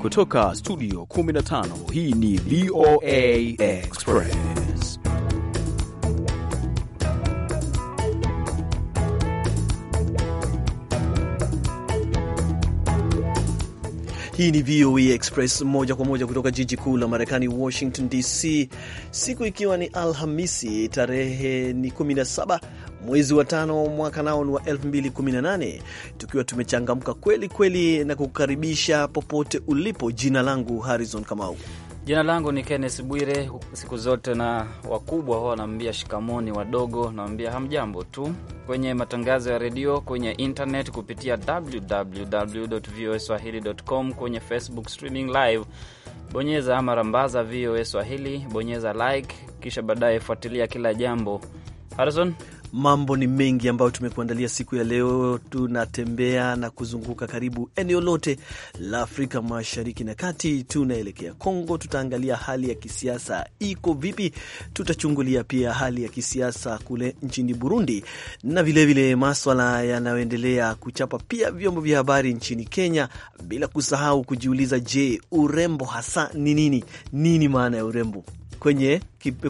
Kutoka studio 15 hii ni VOA Express. Hii ni VOA Express moja kwa moja kutoka jiji kuu la Marekani, Washington DC, siku ikiwa ni Alhamisi, tarehe ni 17 mwezi wa tano mwaka nao ni wa 2018 tukiwa tumechangamka kweli kweli na kukaribisha popote ulipo. Jina langu Harrison Kamau. Jina langu ni kennes Bwire. Siku zote na wakubwa huwa wanaambia shikamoni, wadogo nawambia hamjambo tu, kwenye matangazo ya redio, kwenye internet kupitia www.voaswahili.com, kwenye Facebook streaming live, bonyeza ama rambaza VOA Swahili, bonyeza like, kisha baadaye fuatilia kila jambo. Harrison Mambo ni mengi ambayo tumekuandalia siku ya leo. Tunatembea na kuzunguka karibu eneo lote la Afrika Mashariki na Kati, tunaelekea Kongo. Tutaangalia hali ya kisiasa iko vipi, tutachungulia pia hali ya kisiasa kule nchini Burundi na vilevile maswala yanayoendelea kuchapa pia vyombo vya habari nchini Kenya, bila kusahau kujiuliza, je, urembo hasa ni nini? Nini maana ya urembo? kwenye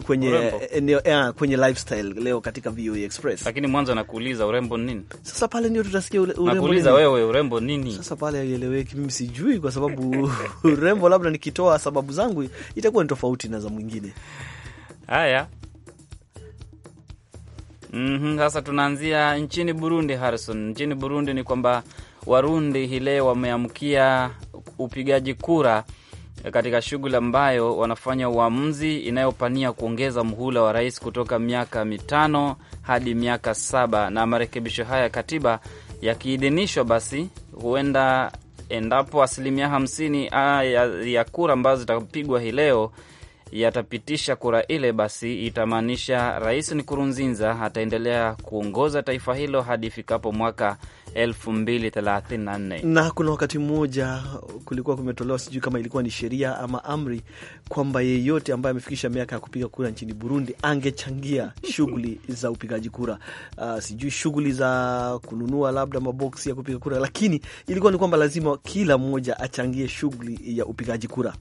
kwenye eneo eh, ah, kwenye lifestyle leo katika VOA e Express. Lakini mwanzo nakuuliza urembo nini? Sasa pale ndio tutasikia ule, urembo nakuuliza wewe urembo nini? Sasa pale haieleweki, mimi sijui kwa sababu urembo labda nikitoa sababu zangu itakuwa ni tofauti na za mwingine. Haya. Mm -hmm, sasa tunaanzia nchini Burundi Harrison. Nchini Burundi ni kwamba Warundi hii leo wameamkia upigaji kura katika shughuli ambayo wanafanya uamuzi inayopania kuongeza mhula wa rais kutoka miaka mitano hadi miaka saba, na marekebisho haya ya katiba yakiidhinishwa, basi huenda endapo asilimia hamsini ah, ya, ya kura ambazo zitapigwa hii leo yatapitisha kura ile, basi itamaanisha Rais Nkurunziza ataendelea kuongoza taifa hilo hadi ifikapo mwaka 2034. Na kuna wakati mmoja kulikuwa kumetolewa, sijui kama ilikuwa ni sheria ama amri, kwamba yeyote ambaye amefikisha miaka ya kupiga kura nchini Burundi angechangia shughuli za upigaji kura. Uh, sijui shughuli za kununua labda maboksi ya kupiga kura, lakini ilikuwa ni kwamba lazima kila mmoja achangie shughuli ya upigaji kura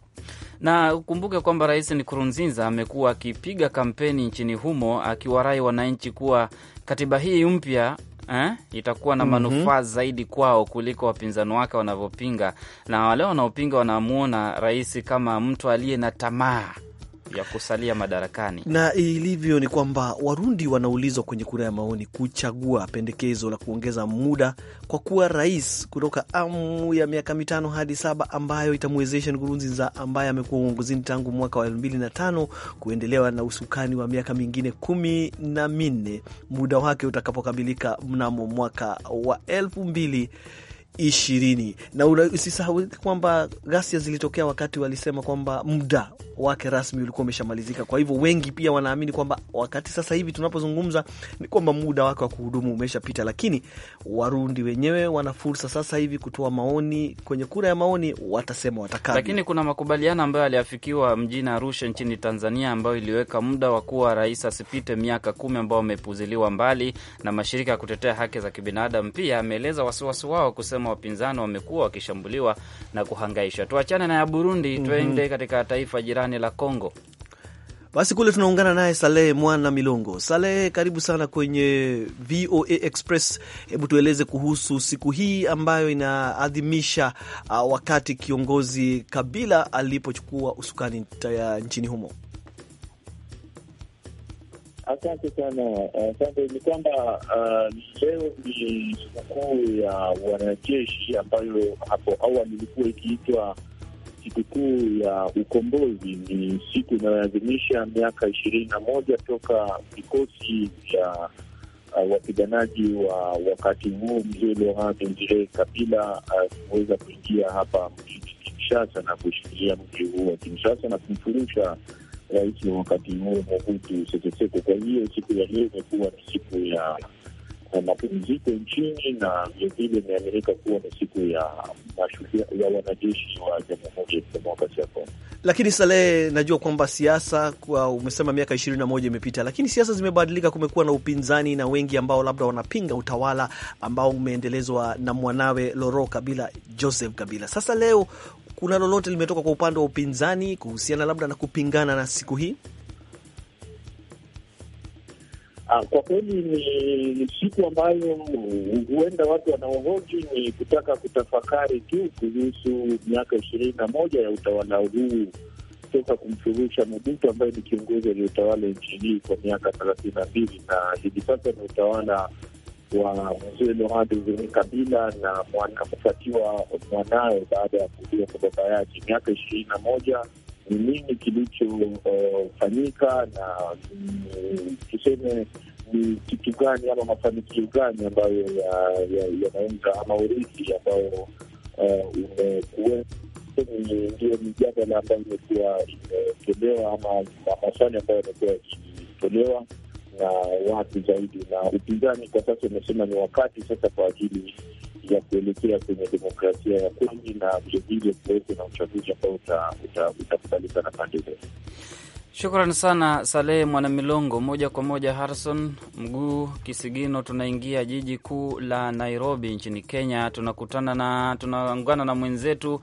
na ukumbuke kwamba Rais Nkurunziza amekuwa akipiga kampeni nchini humo akiwarai wananchi kuwa katiba hii mpya eh, itakuwa na mhm. manufaa mm -hmm. zaidi kwao kuliko wapinzani wake wanavyopinga, na wale wanaopinga wanamwona rais kama mtu aliye na tamaa ya kusalia madarakani. Na ilivyo ni kwamba Warundi wanaulizwa kwenye kura ya maoni kuchagua pendekezo la kuongeza muda kwa kuwa rais kutoka amu ya miaka mitano hadi saba ambayo itamwezesha Nkurunziza ambaye amekuwa uongozini tangu mwaka wa elfu mbili na tano kuendelewa na usukani wa miaka mingine kumi na minne muda wake utakapokamilika mnamo mwaka wa elfu mbili ishirini na usisahau kwamba ghasia zilitokea wakati walisema kwamba muda wake rasmi ulikuwa umeshamalizika. Kwa hivyo wengi pia wanaamini kwamba wakati sasa hivi tunapozungumza ni kwamba muda wake wa kuhudumu umeshapita, lakini Warundi wenyewe wana fursa sasa hivi kutoa maoni kwenye kura ya maoni, watasema watakaje. Lakini kuna makubaliano ambayo aliafikiwa mjini Arusha nchini Tanzania ambayo iliweka muda wa kuwa rais asipite miaka kumi, ambao wamepuziliwa mbali na mashirika ya kutetea haki za kibinadamu. Pia ameeleza wasiwasi wao kusema wapinzani wamekuwa wakishambuliwa na kuhangaishwa. Tuachane na ya Burundi, mm -hmm. tuende mhm. katika taifa jirani jirani la Congo. Basi kule tunaungana naye Salehe Mwana Milongo. Salehe, karibu sana kwenye VOA Express. Hebu tueleze kuhusu siku hii ambayo inaadhimisha uh, wakati kiongozi Kabila alipochukua usukani nchini humo. Asante sana. Asante. Ni kwamba uh, leo ni sikukuu ya wanajeshi ambayo hapo awali ilikuwa ikiitwa sikukuu ya ukombozi ni siku inayoadhimisha miaka ishirini na moja toka vikosi vya uh, wapiganaji wa wakati huo mzee Laurent Desire Kabila uh, kuweza uh, kuingia hapa mjini Kinshasa na kushikilia mji huu wa Kinshasa na kumfurusha rais wa wakati huo Mobutu Sese Seko. Kwa hiyo siku ya leo imekuwa ni siku ya mapumziko nchini, na vilevile imeaminika kuwa ni siku ya mashuhia ya wanajeshi wa Jamhuri ya Kidemokrasia ya Kongo. Lakini Salehe, najua kwamba siasa kwa umesema miaka ishirini na moja imepita, lakini siasa zimebadilika. Kumekuwa na upinzani na wengi ambao labda wanapinga utawala ambao umeendelezwa na mwanawe Loro Kabila, Joseph Kabila. Sasa leo kuna lolote limetoka kwa upande wa upinzani kuhusiana labda na kupingana na siku hii? Ah, kwa kweli ni siku ambayo huenda watu wanaohoji ni kutaka kutafakari tu kuhusu miaka ishirini na moja ya utawala huu toka kumfurusha Mobutu ambaye ni kiongozi aliyotawala nchi hii kwa miaka thelathini na mbili na hivi sasa ni utawala wa mzee Lohadi Desire Kabila na kufuatiwa mwanawe baada ya kuzia kwa baba yake miaka ishirini na moja ni nini kilichofanyika, uh, na tuseme ni kitu gani ama mafanikio gani ambayo yanaweza ama urithi ambayo uh, umekuwe ndio mijadala ambayo imekuwa imetolewa ama maswali ambayo yamekuwa yakitolewa na watu zaidi, na upinzani kwa sasa umesema ni wakati sasa kwa ajili ya kuelekea kwenye demokrasia ya kweli na vilevile kuwepo na uchaguzi ambao utakubalika na pande zote. Shukran sana Salehe Mwanamilongo. Moja kwa moja, Harrison Mguu Kisigino, tunaingia jiji kuu la Nairobi nchini Kenya, tunakutana na tunaungana na mwenzetu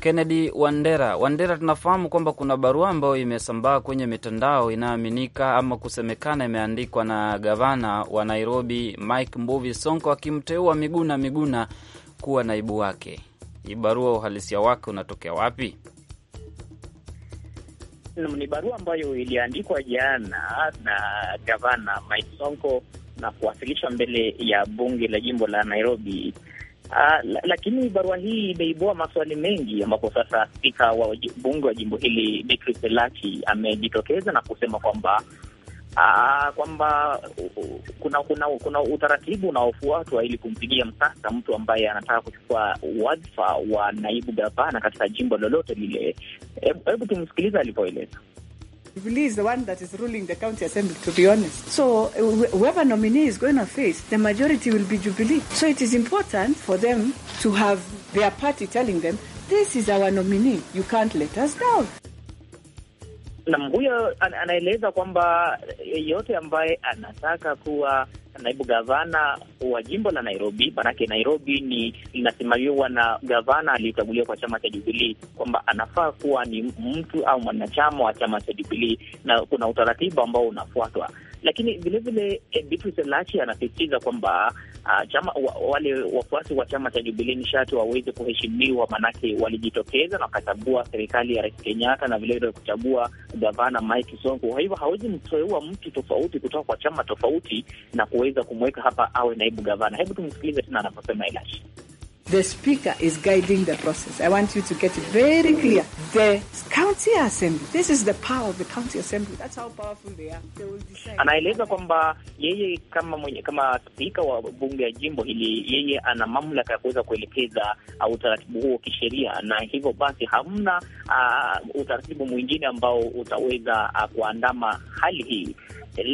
Kennedy Wandera, Wandera, tunafahamu kwamba kuna barua ambayo imesambaa kwenye mitandao inayoaminika ama kusemekana imeandikwa na gavana wa Nairobi Mike Mbuvi Sonko akimteua Miguna Miguna kuwa naibu wake. Hii barua uhalisia wake unatokea wapi? Ni barua ambayo iliandikwa jana na gavana Mike Sonko na kuwasilishwa mbele ya bunge la jimbo la Nairobi Uh, lakini barua hii imeibua maswali mengi ambapo sasa spika wa bunge wa jimbo hili Beatrice Elachi amejitokeza na kusema kwamba uh, kwamba kuna kuna kuna utaratibu unaofuatwa ili kumpigia msasa mtu ambaye anataka kuchukua wadhifa wa naibu gavana katika jimbo lolote lile. Hebu tumsikiliza alivyoeleza. Jubilee is the one that is ruling the county assembly, to be honest. So uh, whoever nominee is going to face, the majority will be Jubilee. So it is important for them to have their party telling them, this is our nominee, you can't let us down. Nam huyo an, anaeleza kwamba yeyote ambaye anataka kuwa naibu gavana wa jimbo la Nairobi, maanake Nairobi ni linasimamiwa na gavana aliyechaguliwa kwa chama cha Jubilii, kwamba anafaa kuwa ni mtu au mwanachama wa chama cha Jubilii, na kuna utaratibu ambao unafuatwa lakini vilevile eh, Beatrice Elachi anasisitiza kwamba uh, chama wa, wale wafuasi wa chama cha Jubilee nishati waweze kuheshimiwa, maanake walijitokeza na wakachagua serikali ya Rais Kenyatta na vilevile kuchagua gavana Mike Sonko. Kwa hivyo hawezi mteua mtu tofauti kutoka kwa chama tofauti na kuweza kumweka hapa awe naibu gavana. Hebu tumsikilize tena anaposema Elachi. The speaker is guiding the process. I want you to get it very clear. The county assembly, this is the power of the county assembly. That's how powerful they are. They will decide. Anaeleza kwamba yeye kama mwenye, kama spika wa bunge ya jimbo hili, yeye ana mamlaka ya kuweza kuelekeza uh, utaratibu huo kisheria, na hivyo basi hamna uh, utaratibu mwingine ambao utaweza uh, kuandama hali hii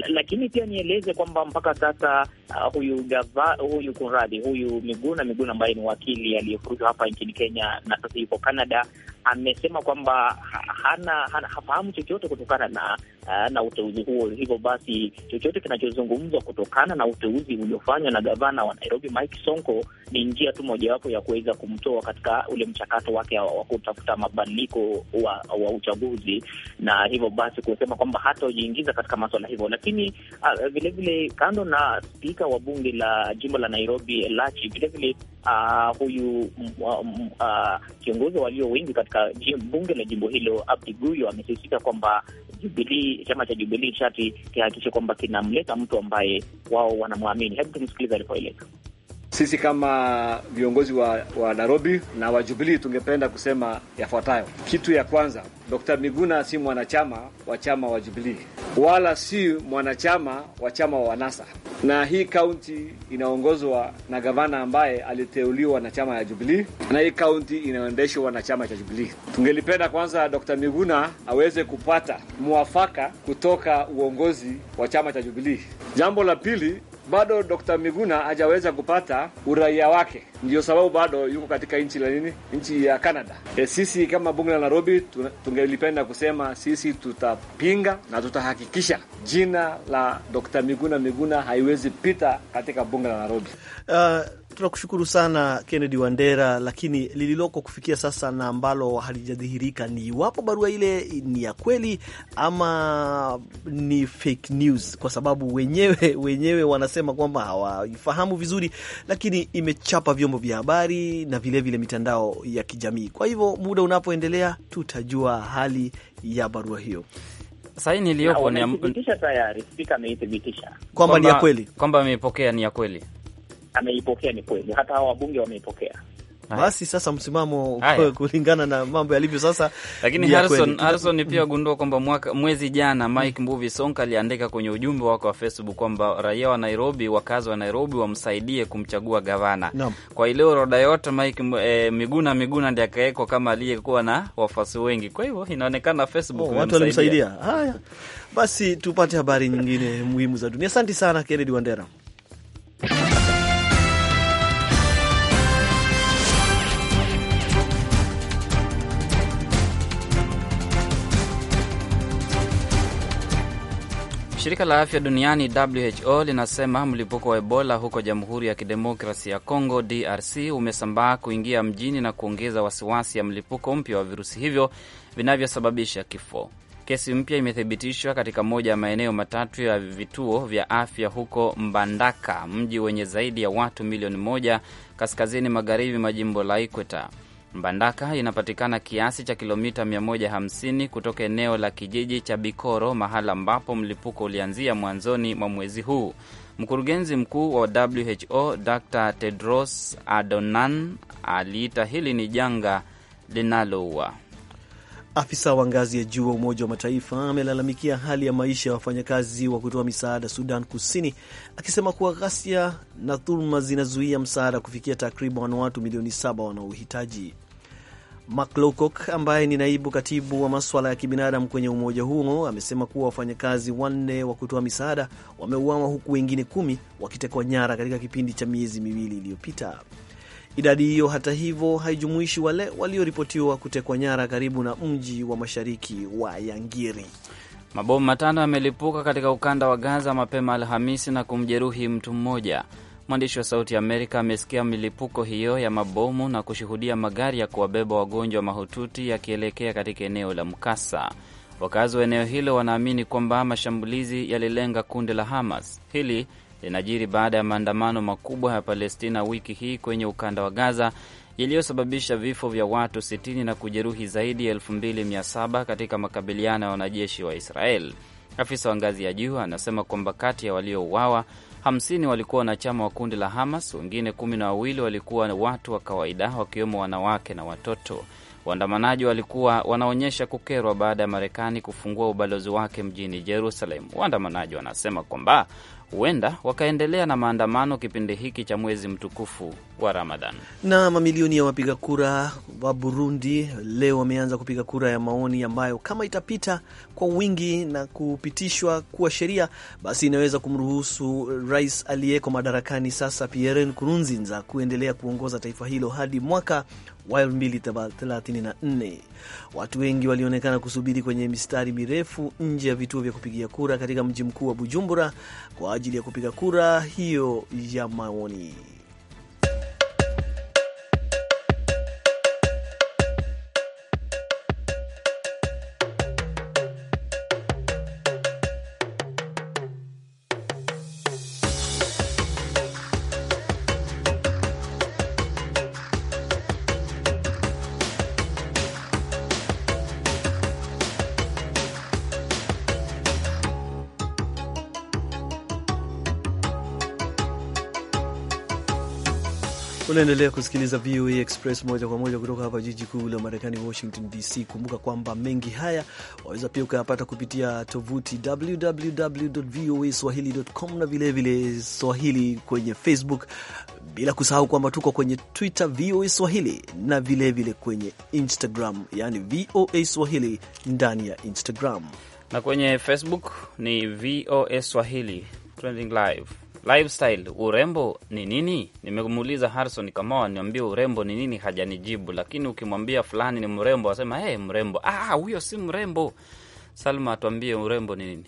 lakini pia nieleze kwamba mpaka sasa uh, huyu gava, huyu kunradhi, huyu Miguna Miguna ambaye ni wakili aliyefuruzwa hapa nchini Kenya na sasa yuko Canada amesema kwamba hana, hana hafahamu chochote kutokana na eh, na uteuzi huo. Hivyo basi chochote kinachozungumzwa kutokana na uteuzi uliofanywa na gavana wa Nairobi Mike Sonko ni njia tu mojawapo ya kuweza kumtoa katika ule mchakato wake wa kutafuta mabadiliko wa, wa uchaguzi, na hivyo basi kusema kwamba hatajiingiza katika maswala hivyo. Lakini vilevile, ah, kando na spika wa bunge la jimbo la Nairobi Elachi, vilevile uh, huyu uh, kiongozi walio wengi katika bunge la jimbo hilo Abdi Guyo amesisitiza kwamba Jubilii, chama cha Jubilii shati kihakikishe kwamba kinamleta mtu ambaye wao wanamwamini. Hebu tumsikiliza alipoeleza. Sisi kama viongozi wa, wa Nairobi na wa Jubilee tungependa kusema yafuatayo. Kitu ya kwanza, Dr. Miguna si mwanachama wa chama wa Jubilee wala si mwanachama wa chama wa NASA, na hii kaunti inaongozwa na gavana ambaye aliteuliwa na chama ya Jubilee, na hii kaunti inaendeshwa na chama cha Jubilee. Tungelipenda kwanza Dr. Miguna aweze kupata mwafaka kutoka uongozi wa chama cha Jubilee. Jambo la pili bado Dr. Miguna hajaweza kupata uraia wake, ndio sababu bado yuko katika nchi la nini, nchi ya Canada. E, sisi kama bunge la Nairobi tungelipenda kusema sisi tutapinga na tutahakikisha jina la Dr. Miguna Miguna haiwezi pita katika bunge la Nairobi. Uh... Tunakushukuru sana Kennedy Wandera, lakini lililoko kufikia sasa na ambalo halijadhihirika ni iwapo barua ile ni ya kweli ama ni fake news, kwa sababu wenyewe wenyewe wanasema kwamba hawaifahamu vizuri, lakini imechapa vyombo vya habari na vilevile vile mitandao ya kijamii. Kwa hivyo muda unapoendelea, tutajua hali ya barua hiyo saini iliyopo ni kwamba ni ya kweli, kwamba ameipokea ni ya kweli ameipokea ni kweli, hata hawa wabunge wameipokea. Basi sasa msimamo Haya. kulingana na mambo yalivyo sasa. Lakini Harrison, Harrison pia gundua kwamba mwaka mwezi jana Mike Mbuvi Sonko aliandika kwenye ujumbe wake wa Facebook kwamba raia wa Nairobi, wakazi wa Nairobi wamsaidie kumchagua gavana no. kwa ile orodha yote Mike e, Miguna Miguna ndiye akawekwa kama aliyekuwa na wafuasi wengi, kwa hivyo inaonekana Facebook oh, watu walimsaidia. Haya basi tupate habari nyingine muhimu za dunia. Asante sana Kennedy Wandera. Shirika la afya duniani WHO linasema mlipuko wa Ebola huko Jamhuri ya Kidemokrasi ya Kongo DRC umesambaa kuingia mjini na kuongeza wasiwasi ya mlipuko mpya wa virusi hivyo vinavyosababisha kifo. Kesi mpya imethibitishwa katika moja ya maeneo matatu ya vituo vya afya huko Mbandaka, mji wenye zaidi ya watu milioni moja kaskazini magharibi majimbo la Ikweta. Mbandaka inapatikana kiasi cha kilomita 150 kutoka eneo la kijiji cha Bikoro, mahala ambapo mlipuko ulianzia mwanzoni mwa mwezi huu. Mkurugenzi mkuu wa WHO Dr Tedros adonan aliita hili ni janga linaloua. Afisa wa ngazi ya juu wa Umoja wa Mataifa amelalamikia hali ya maisha ya wafanyakazi wa kutoa misaada Sudan Kusini, akisema kuwa ghasia na dhuluma zinazuia msaada kufikia takriban watu milioni saba wanaohitaji McLocock ambaye ni naibu katibu wa maswala ya kibinadamu kwenye umoja huo amesema kuwa wafanyakazi wanne wa kutoa misaada wameuawa huku wengine kumi wakitekwa nyara katika kipindi cha miezi miwili iliyopita. Idadi hiyo hata hivyo haijumuishi wale walioripotiwa kutekwa nyara karibu na mji wa mashariki wa Yangiri. Mabomu matano yamelipuka katika ukanda wa Gaza mapema Alhamisi na kumjeruhi mtu mmoja. Mwandishi wa Sauti ya Amerika amesikia milipuko hiyo ya mabomu na kushuhudia magari ya kuwabeba wagonjwa mahututi yakielekea katika eneo la mkasa. Wakazi wa eneo hilo wanaamini kwamba mashambulizi yalilenga kundi la Hamas. Hili linajiri baada ya maandamano makubwa ya Palestina wiki hii kwenye ukanda wa Gaza yaliyosababisha vifo vya watu 60 na kujeruhi zaidi ya 2700 katika makabiliano ya wanajeshi wa Israel. Afisa wa ngazi ya juu anasema kwamba kati ya waliouawa 50 walikuwa wanachama wa kundi la Hamas, wengine kumi na wawili walikuwa watu wa kawaida, wakiwemo wanawake na watoto. Waandamanaji walikuwa wanaonyesha kukerwa baada ya Marekani kufungua ubalozi wake mjini Jerusalem. Waandamanaji wanasema kwamba huenda wakaendelea na maandamano kipindi hiki cha mwezi mtukufu wa Ramadhan. Na mamilioni ya wapiga kura wa Burundi leo wameanza kupiga kura ya maoni ambayo kama itapita kwa wingi na kupitishwa kuwa sheria, basi inaweza kumruhusu rais aliyeko madarakani sasa Pierre Nkurunziza kuendelea kuongoza taifa hilo hadi mwaka wa 2034. Watu wengi walionekana kusubiri kwenye mistari mirefu nje ya vituo vya kupigia kura katika mji mkuu wa Bujumbura kwa ajili ya kupiga kura hiyo ya maoni. Unaendelea kusikiliza VOA Express moja kwa moja kutoka hapa jiji kuu la Marekani, Washington DC. Kumbuka kwamba mengi haya waweza pia ukayapata kupitia tovuti www voa swahili.com na vilevile swahili kwenye Facebook, bila kusahau kwamba tuko kwenye Twitter VOA Swahili na vilevile vile kwenye Instagram, yani VOA Swahili ndani ya Instagram na kwenye Facebook ni VOA Swahili trending live lifestyle, urembo ni nini? Nimemuuliza Harrison Kamau niambie urembo ni nini, hajanijibu. Lakini ukimwambia fulani ni mrembo, asema hey, eh, mrembo ah, huyo, ah, si mrembo. Salma, atuambie urembo ni nini?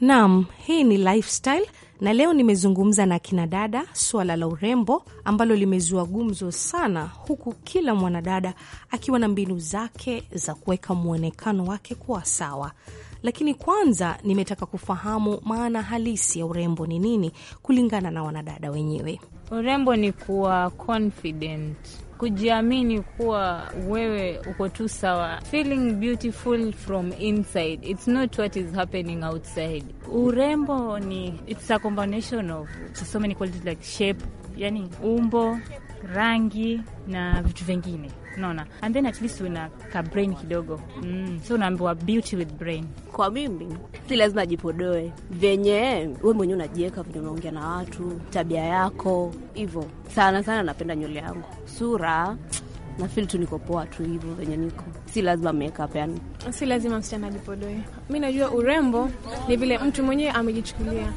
Naam, hii ni lifestyle na leo nimezungumza na kina dada swala la urembo ambalo limezua gumzo sana, huku kila mwanadada akiwa na mbinu zake za kuweka mwonekano wake kuwa sawa lakini kwanza nimetaka kufahamu maana halisi ya urembo ni nini kulingana na wanadada wenyewe. Urembo ni kuwa confident kujiamini kuwa wewe uko tu sawa, feeling beautiful from inside, it's not what is happening outside. Urembo ni it's a combination of so many qualities like shape, yani umbo, rangi na vitu vingine unaona, and then at least una ka brain kidogo mm. So unaambiwa beauty with brain. Kwa mimi si lazima jipodoe, venye we mwenyewe unajiweka, venye unaongea na watu, tabia yako hivyo. Sana sana napenda nywele yangu, sura na feel tu niko poa tu hivyo venye niko, si lazima makeup, yani si lazima msichana ajipodoe. Mi najua urembo ni vile mtu mwenyewe amejichukulia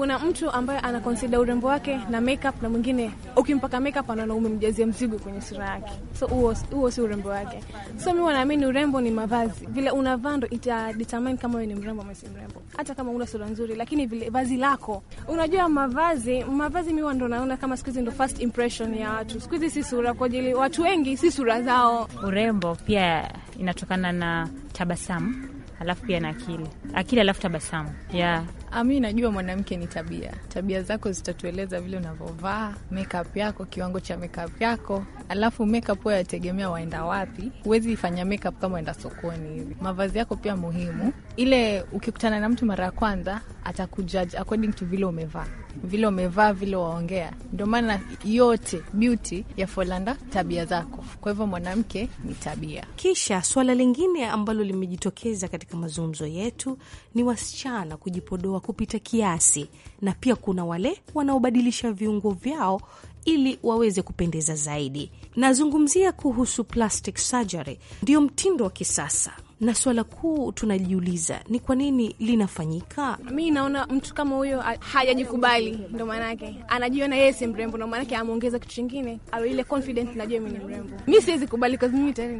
kuna mtu ambaye anakonsida urembo wake na makeup, na mwingine ukimpaka makeup anaona umemjazia mzigo kwenye sura yake, so huo si urembo wake. So mi wanaamini urembo ni mavazi, vile unavaa ndo ita determine kama wewe ni mrembo ama si mrembo, hata kama una sura nzuri, lakini vile vazi lako. Unajua mavazi, mavazi mi ndo naona kama siku hizi ndo first impression ya watu. Siku hizi si sura, kwa ajili watu wengi si sura zao. Urembo pia inatokana na tabasamu, alafu pia na akili, akili alafu tabasamu, yeah Ah, mi najua mwanamke ni tabia, tabia zako zitatueleza vile unavyovaa, makeup yako, kiwango cha makeup yako. Alafu makeup huwa yategemea waenda wapi. Huwezi fanya makeup kama waenda sokoni hivi. Mavazi yako pia muhimu, ile ukikutana na mtu mara ya kwanza atakujaji according to vile umevaa vile umevaa, vile waongea. Ndio maana yote beauty ya Folanda tabia zako. Kwa hivyo mwanamke ni tabia. Kisha swala lingine ambalo limejitokeza katika mazungumzo yetu ni wasichana kujipodoa kupita kiasi, na pia kuna wale wanaobadilisha viungo vyao ili waweze kupendeza zaidi. Nazungumzia kuhusu plastic surgery, mtindo wa kisasa na swala kuu tunajiuliza ni kwa nini linafanyika. Mi naona mtu kama huyo hajajikubali, ndo maanake anajiona yeye si mrembo, ndo maanake ameongeza kitu chingine awe ile confident, najua mi ni mrembo. Mi siwezi kubali, mi tayari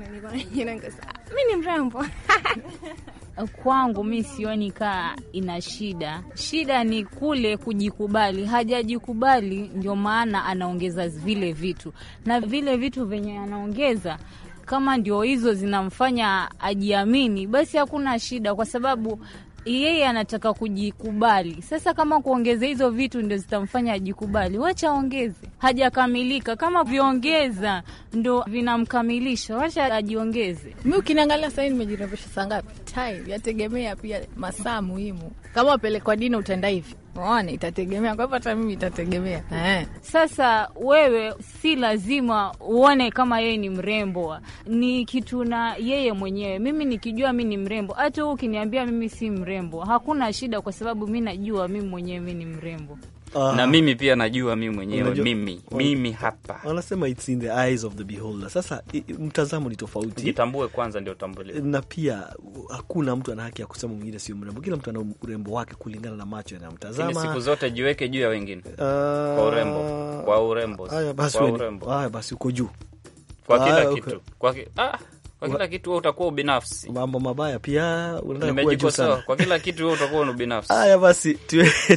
mi ni mrembo kwangu mi sioni kaa ina shida. Shida ni kule kujikubali, hajajikubali ndio maana anaongeza vile vitu, na vile vitu venye anaongeza kama ndio hizo zinamfanya ajiamini, basi hakuna shida, kwa sababu yeye anataka kujikubali. Sasa kama kuongeza hizo vitu ndio zitamfanya ajikubali, wacha aongeze, hajakamilika. Kama viongeza ndo vinamkamilisha, wacha ajiongeze. Mi ukiniangalia sahii nimejirevesha saa ngapi? time, yategemea pia masaa muhimu. Kama wapelekwa dini utenda hivi Mwane, itategemea. Kwa hivyo hata mimi itategemea. Eh. Sasa wewe si lazima uone kama yeye ni mrembo, ni kitu na yeye mwenyewe. Mimi nikijua mi ni mrembo, hata huu ukiniambia mimi si mrembo, hakuna shida, kwa sababu mi najua mi mwenyewe mi ni mrembo. Uh, na mimi pia najua mimi mwenyewe mimi mimi hapa wanasema it's in the eyes of the beholder. Sasa mtazamo ni tofauti, jitambue kwanza ndio utambuliwe, na pia hakuna mtu ana haki ya kusema mwingine sio mrembo. Kila mtu ana urembo wake kulingana na macho yanayomtazama. Siku zote jiweke juu ya wengine uh, kwa urembo, kwa urembo, haya basi, haya basi, uko juu kwa kila kitu, kwa ki ah kwa kila kitu wewe utakuwa ubinafsi. Mambo mabaya pia unataka Kwa kila kitu wewe utakuwa ubinafsi. Haya basi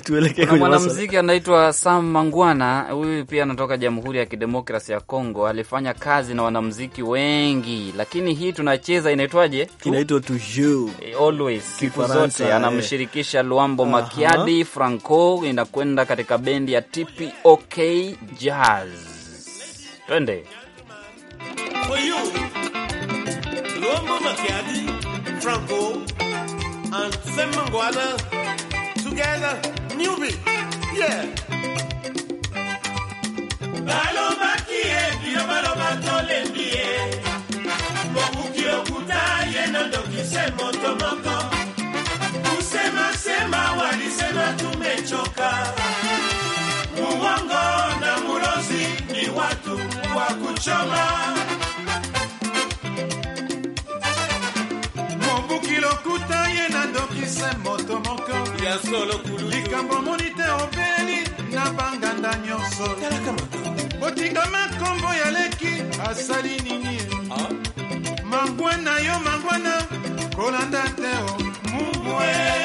tuelekee kwa mwanamuziki anaitwa Sam Mangwana, huyu pia anatoka Jamhuri ya Kidemokrasia ya Kongo, alifanya kazi na wanamuziki wengi, lakini hii tunacheza inaitwaje? Inaitwa you eh, Always, siku zote. Eh. Anamshirikisha Luambo Makiadi, Franco, inakwenda katika bendi ya TPOK Jazz. Twende. For you. Colombo Macchiati, Franco, and Sam Manguana together, newbie. Yeah. Baloma kie, biobaloma tole bie. Bokuki okuta, yena doki se motomoko. Usema sema, walisema tumechoka. Muongo na murozi ni watu wakuchoma. kuchoma. Kuta ye nadokise moto moko ya solo kulu likambo moni te obeli na banganda nyonso botingama nkombo ya leki asali nini ah? mangwana yo mangwana kolanda te o mungwe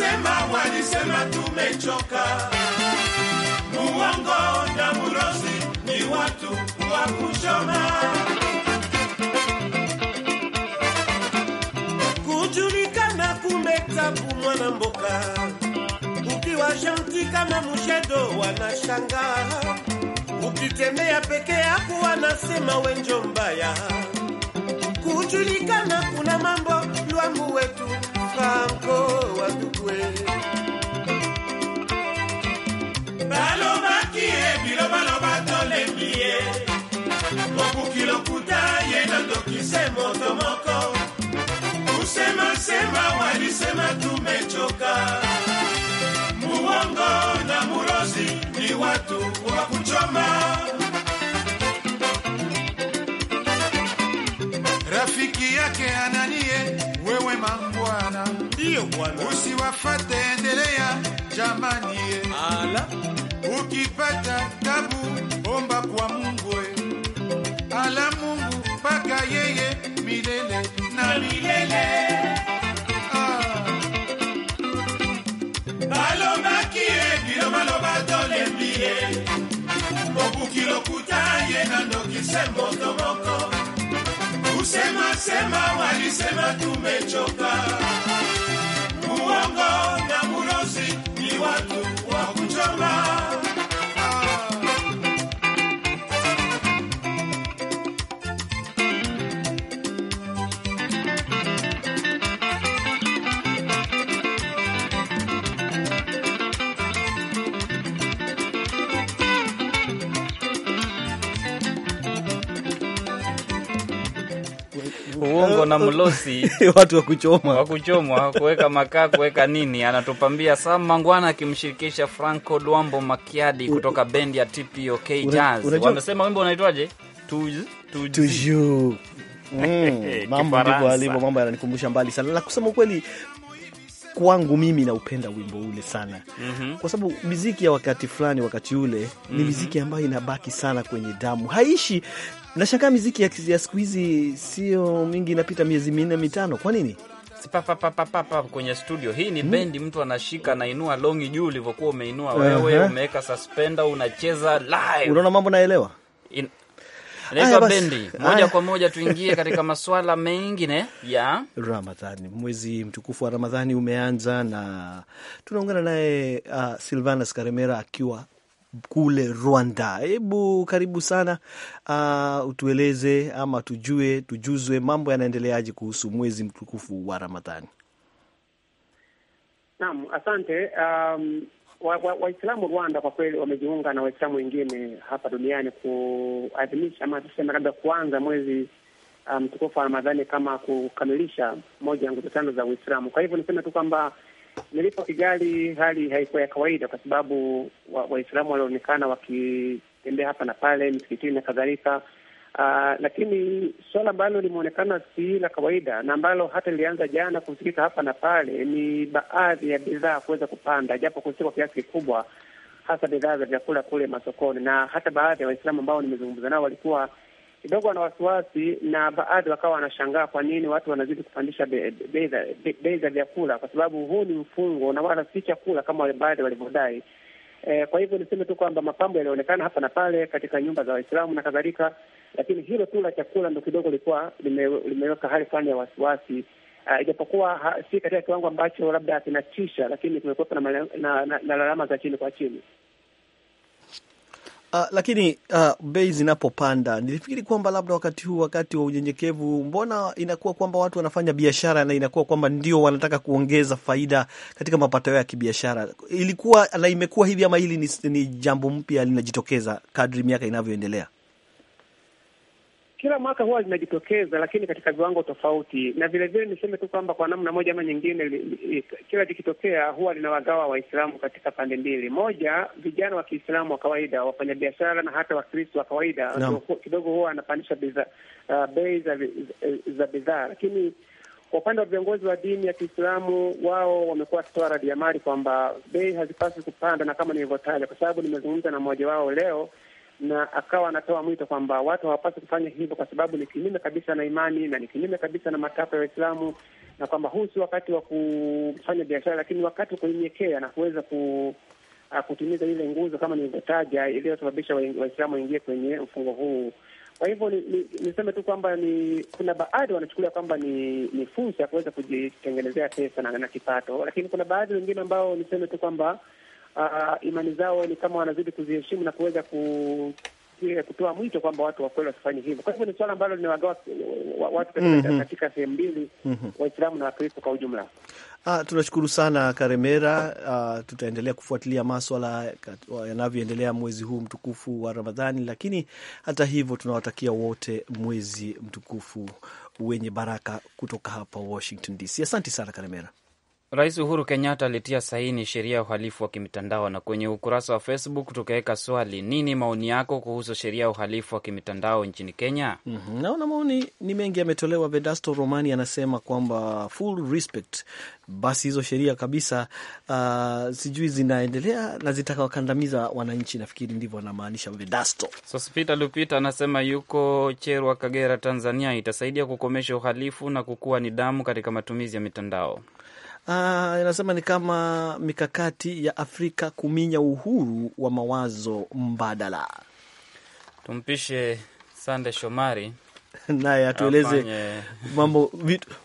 Walisema, walisema tumechoka. Muongo na murozi ni watu wa kushona. Kujulikana kumbe mwana mboka, ukiwa janti kama mushedo wanashanga, ukitembea peke yako wanasema wenjo mbaya. Kujulikana kuna mambo lwangu wetu Sema walisema tumechoka, muongo na murozi ni watu wa kuchoma. Rafiki yake Ananie, wewe mambo usiwafate, endelea jamani, ala, ukipata tabu omba kwa Mungu, ala Mungu mpaka yeye milele na milele. Ah. okoki lokuta ye na tumechoka bongo, na mlosi watu wa kuchoma wa kuchomwa kuweka makaa kuweka nini, anatupambia Sam Mangwana akimshirikisha Franco Luambo Makiadi kutoka bendi ya TPOK Jazz. Wamesema wimbo unaitwaje? Mm, mambo ndivyo alivyo, mambo yananikumbusha mbali sana, na kusema ukweli kwangu mimi naupenda wimbo ule sana mm -hmm. Kwa sababu miziki ya wakati fulani, wakati ule ni mhm. miziki ambayo inabaki sana kwenye damu, haishi Nashaka miziki ya siku hizi sio mingi, inapita miezi minne mitano. Kwa nini? Sipapapapapa kwenye studio hii ni hmm, bendi mtu anashika nainua longi juu ulivyokuwa umeinua wewe, uh -huh, umeweka suspenda unacheza live. Unaona mambo naelewa In... Naitwa bendi moja Aya. Kwa moja tuingie katika masuala mengine ya Ramadhani. Mwezi mtukufu wa Ramadhani umeanza na tunaungana naye uh, Silvanus Karemera akiwa kule Rwanda. Hebu karibu sana, uh, utueleze ama tujue tujuzwe mambo yanaendeleaje kuhusu mwezi mtukufu wa Ramadhani. Naam, asante. Um, Waislamu wa, wa Rwanda kwa kweli wamejiunga na Waislamu wengine hapa duniani kuadhimisha ama tuseme labda kuanza mwezi um, mtukufu um, wa Ramadhani kama kukamilisha moja ya nguzo tano za Uislamu. Kwa hivyo niseme tu kwamba nilipo Kigali hali haikuwa ya kawaida, kwa sababu Waislamu wa walionekana wakitembea hapa na pale misikitini na kadhalika. Uh, lakini suala ambalo limeonekana si la kawaida na ambalo hata lilianza jana kusikika hapa na pale ni baadhi ya bidhaa kuweza kupanda, japo kusi kwa kiasi kikubwa, hasa bidhaa za vyakula kule masokoni, na hata baadhi ya Waislamu ambao nimezungumza nao walikuwa kidogo wana wasiwasi, na baadhi wakawa wanashangaa kwa nini watu wanazidi kupandisha bei za vyakula, kwa sababu huu ni mfungo na wala si chakula kama baadhi walivyodai. E, kwa hivyo niseme tu kwamba mapambo yalionekana hapa na pale katika nyumba za Waislamu na kadhalika, lakini hilo tu la chakula ndo kidogo lilikuwa limeweka hali fulani ya wasiwasi, ijapokuwa si katika kiwango ambacho labda kinatisha, lakini kumekuwepo na, na, na, na lalama za chini kwa chini. Uh, lakini uh, bei zinapopanda, nilifikiri kwamba labda wakati huu, wakati wa unyenyekevu, mbona inakuwa kwamba watu wanafanya biashara na inakuwa kwamba ndio wanataka kuongeza faida katika mapato yao ya kibiashara. Ilikuwa na imekuwa hivi ama hili ni, ni jambo mpya linajitokeza kadri miaka inavyoendelea? kila mwaka huwa zinajitokeza, lakini katika viwango tofauti. Na vilevile niseme tu kwamba kwa namna moja ama nyingine, li, li, kila likitokea huwa linawagawa Waislamu katika pande mbili. Moja, vijana wa Kiislamu wa kawaida, wafanyabiashara na hata Wakristo wa kawaida no. kidogo huwa wanapandisha uh, bei za, za bidhaa, lakini kwa upande wa viongozi wa dini ya Kiislamu wao wamekuwa wakitoa radiamali kwamba bei hazipaswi kupanda, na kama nilivyotaja, kwa sababu nimezungumza na mmoja wao leo na akawa anatoa mwito kwamba watu hawapaswi kufanya hivyo, kwa sababu ni kinyume kabisa na imani na ni kinyume kabisa na matakwa ya Waislamu, na kwamba huu si wakati wa kufanya biashara, lakini wakati wa kunyenyekea na kuweza ku ah, kutimiza ile nguzo kama nilivyotaja iliyosababisha Waislamu waingie kwenye mfungo huu. Kwa hivyo niseme ni tu kwamba ni kuna baadhi wanachukulia kwamba ni, ni fursa ya kuweza kujitengenezea pesa na, na kipato, lakini kuna baadhi wengine ambao niseme tu kwamba uh, imani zao ni kama wanazidi kuziheshimu na kuweza ku eh, kutoa mwito kwamba watu wakweli wasifanye hivyo. Kwa hivyo ni suala ambalo linawagawa watu katika, mm -hmm. katika sehemu mbili mm -hmm. Waislamu na Wakristo kwa ujumla. Ah, tunashukuru sana Karemera. Ah, tutaendelea kufuatilia maswala yanavyoendelea mwezi huu mtukufu wa Ramadhani, lakini hata hivyo tunawatakia wote mwezi mtukufu wenye baraka kutoka hapa Washington DC. Asante sana Karemera. Rais Uhuru Kenyatta alitia saini sheria ya uhalifu wa kimitandao, na kwenye ukurasa wa Facebook tukaweka swali, nini maoni yako kuhusu sheria ya uhalifu wa kimitandao nchini Kenya? mm -hmm. Naona maoni ni mengi yametolewa. Vedasto Romani anasema kwamba full respect, basi hizo sheria kabisa, uh, sijui zinaendelea na zitakawakandamiza wananchi. Nafikiri ndivyo anamaanisha Vedasto. Sospita Lupita anasema yuko Cherwa, Kagera, Tanzania, itasaidia kukomesha uhalifu na kukuwa nidhamu katika matumizi ya mitandao. Ah, inasema ni kama mikakati ya Afrika kuminya uhuru wa mawazo mbadala. Tumpishe Sande Shomari naye atueleze mambo,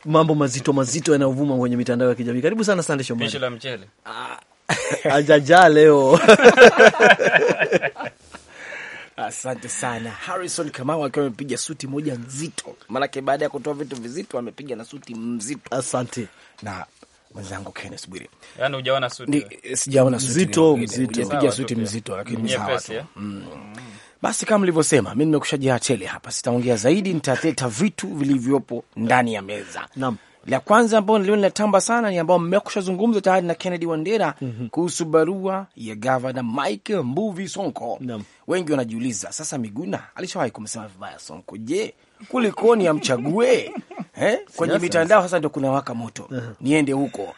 mambo mazito mazito yanayovuma kwenye mitandao ya kijamii. Karibu sana Sande Shomari. Pishi la mchele ah, ajajaa leo Asante sana Harrison Kamau akiwa amepiga suti moja nzito, maanake baada ya kutoa vitu vizito amepiga na suti mzito. Asante na mwenzangu Kenneth Bwire. Yaani hujaona suti. Eh, sijaona suti. Mzito, mzito. Nimepiga suti mzito lakini sawa tu. Eh? Mm. Basi kama nilivyosema, nimekusha jaa tele hapa, sitaongea zaidi, nitaleta vitu vilivyopo ndani ya meza. Naam. La kwanza ambao nilio linatamba sana ni ambao mmekusha zungumza tayari na Kennedy Wandera mm -hmm. kuhusu barua ya gavana Mike Mbuvi Sonko. Naam. Wengi wanajiuliza sasa, Miguna alishawahi kumsema vibaya Sonko. Je, kulikoni, amchague eh? Kwenye mitandao sasa ndio waka moto, niende huko.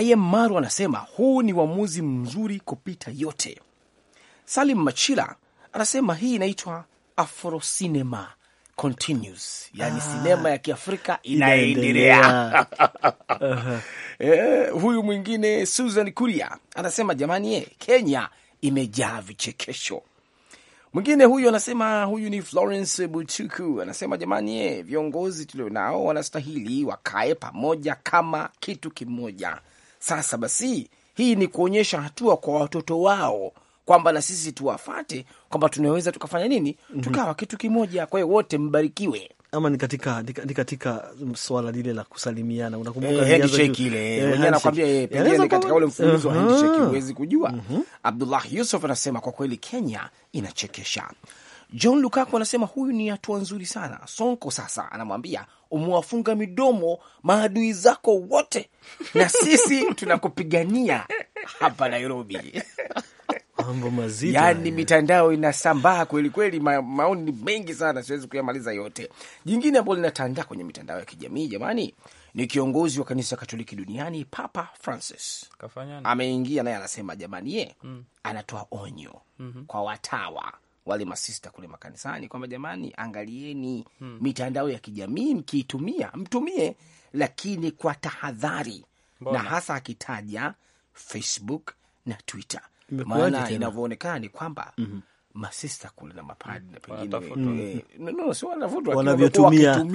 Im Maru anasema huu ni uamuzi mzuri kupita yote. Salim Machila anasema hii inaitwa afrosinema continues, yani ah, sinema ya Kiafrika inaendelea. Eh, huyu mwingine Susan Kuria anasema jamani, ye, eh, Kenya imejaa vichekesho Mwingine huyu anasema, huyu ni Florence Butuku anasema, jamani ye, eh, viongozi tulionao wanastahili wakae pamoja kama kitu kimoja. Sasa basi, hii ni kuonyesha hatua kwa watoto wao kwamba na sisi tuwafate kwamba tunaweza tukafanya nini, mhm. tukawa kitu kimoja. Kwa hiyo wote mbarikiwe ama ni katika ni katika swala lile la kusalimiana, unakumbuka eh, handshake ile eh, anakuambia yeye eh, pengine ni katika ule mfululizo wa handshake, huwezi kujua. Mhm. Abdullah Yusuf anasema kwa kweli Kenya inachekesha. John Lukaku anasema huyu ni hatua nzuri sana. Sonko sasa anamwambia umewafunga midomo maadui zako wote, na sisi tunakupigania hapa Nairobi. mambo mazito yani, mitandao inasambaa kweli kweli, ma, maoni mengi sana, siwezi kuyamaliza yote. Jingine ambalo linatandaa kwenye mitandao ya kijamii jamani, ni kiongozi wa kanisa Katoliki duniani Papa Francis ameingia naye, anasema jamani ye mm. anatoa onyo mm -hmm. kwa watawa wale masista kule makanisani kwamba jamani, angalieni mm. mitandao ya kijamii mkiitumia, mtumie lakini kwa tahadhari, na hasa akitaja Facebook na Twitter maana inavyoonekana ni kwamba mm -hmm masista kule na mapadi na mm. pengine mm. eh, wanavyotumia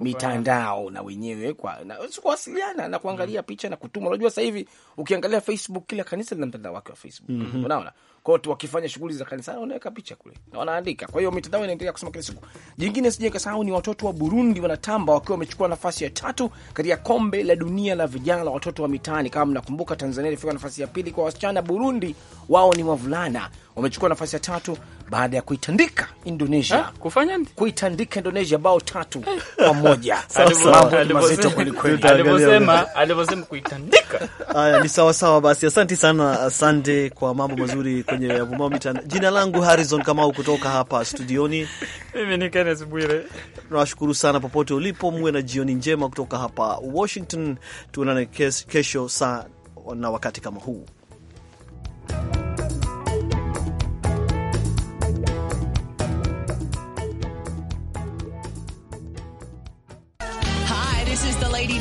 mitandao na wenyewe kwa kuwasiliana na kuangalia mm. picha na kutuma. Unajua, sasa hivi ukiangalia Facebook, kila kanisa lina mtandao wake wa Facebook, mm -hmm. unaona. Kwa hiyo wakifanya shughuli za kanisa wanaweka picha kule na wanaandika. Kwa hiyo mitandao inaendelea kusema kila siku. Jingine sije kasahau ni watoto wa Burundi wanatamba wakiwa wamechukua nafasi ya tatu katika kombe la dunia la vijana la watoto wa mitaani. Kama mnakumbuka, Tanzania ilifika nafasi ya pili kwa wasichana, Burundi wao ni wavulana wamechukua nafasi ya tatu baada ya kuitandika Indonesia ha? Ah, kufanya kuitandika Indonesia bao tatu eh. kwa moja. Mambo mazito kwelikweli, alivyosema alivyosema kuitandika. Haya ni sawa sawa. Basi asanti sana, asante kwa mambo mazuri kwenye yavumao mitandao. Jina langu Harrison Kamau kutoka hapa studioni, mimi ni Kenneth Bwire. Nawashukuru sana popote ulipo, muwe na jioni njema kutoka hapa Washington. Tuonane kesho saa na wakati kama huu. Lady D